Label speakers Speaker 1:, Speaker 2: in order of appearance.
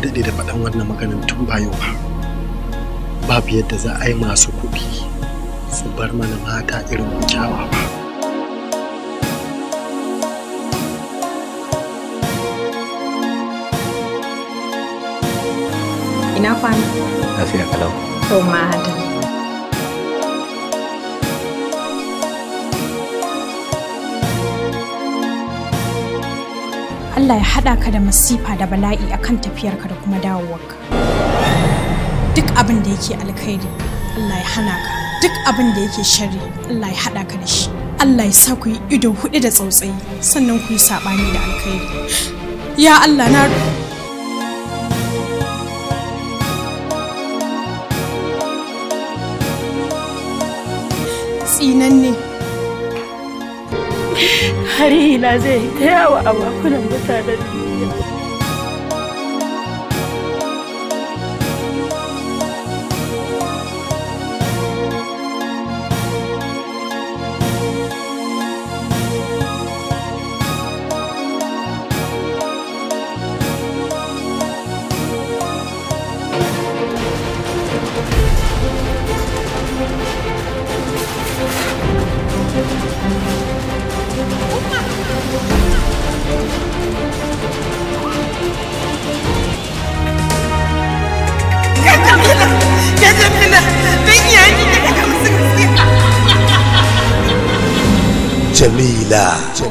Speaker 1: A daɗe da faɗan wannan maganin tun ba yau ba babu yadda za a yi masu kuɗi su bar mana mata irin kyawa ba
Speaker 2: ina kwana lafiya kalau to ma hadin
Speaker 3: Allah ya haɗa ka da masifa da bala'i akan tafiyarka da kuma dawowarka duk abin da yake alkhairi Allah ya hana ka duk abin da yake shari Allah ya haɗa ka da shi Allah ya sa ku yi ido hudu da tsautsayi sannan ku yi saɓani da alkhairi
Speaker 4: ya Allah na
Speaker 5: tsinanne tarihi na zai yawa a bakunan mutanen duniya
Speaker 1: 尽力了。